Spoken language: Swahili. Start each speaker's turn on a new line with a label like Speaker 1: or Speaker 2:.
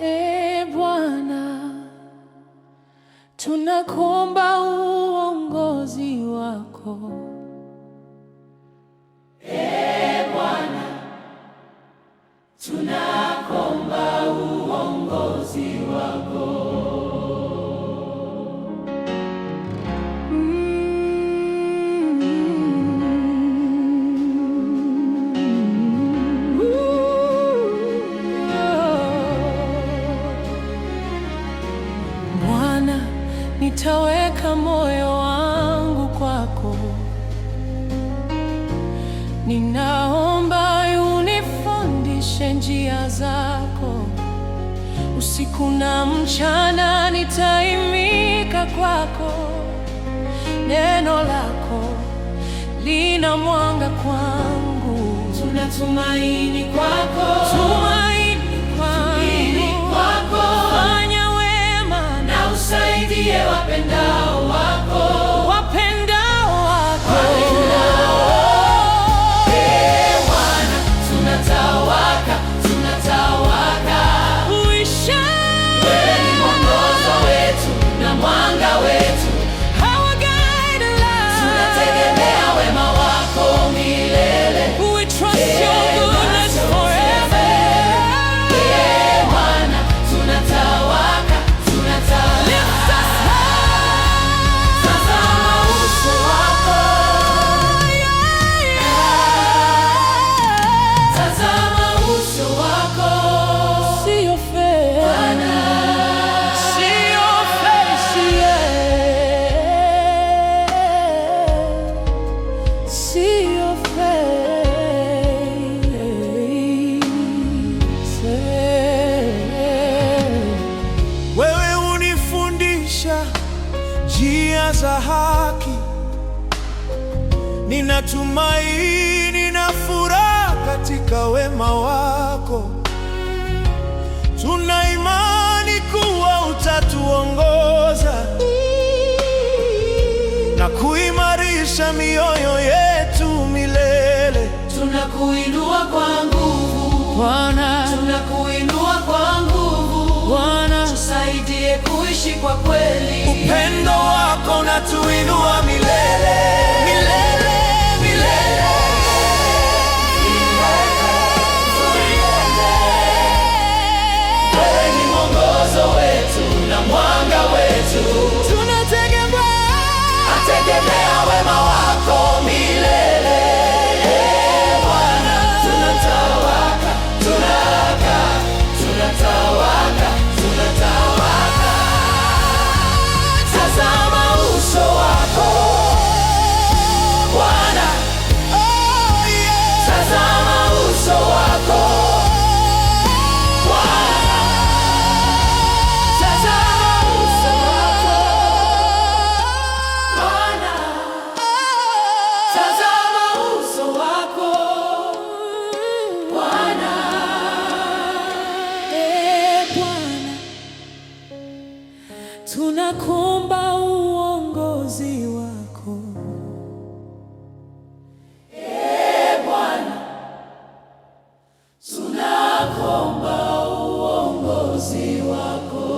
Speaker 1: E Bwana, tunakuomba uongozi wako nitaweka moyo wangu kwako, ninaomba unifundishe njia zako, usiku na mchana nitaimika kwako. Neno lako lina mwanga kwangu,
Speaker 2: tunatumaini kwako,
Speaker 1: Tuma Wewe
Speaker 3: njia za haki, ninatumaini na furaha katika wema wako. Tuna imani kuwa utatuongoza na kuimarisha mioyo yetu
Speaker 2: tunakuinua kwa nguvu
Speaker 1: Bwana,
Speaker 2: tunakuinua kwa nguvu Bwana, tusaidie kuishi kwa kweli,
Speaker 3: upendo wako na tuinua milele
Speaker 1: tunakomba uongozi wako
Speaker 2: e tunakomba uongozi wako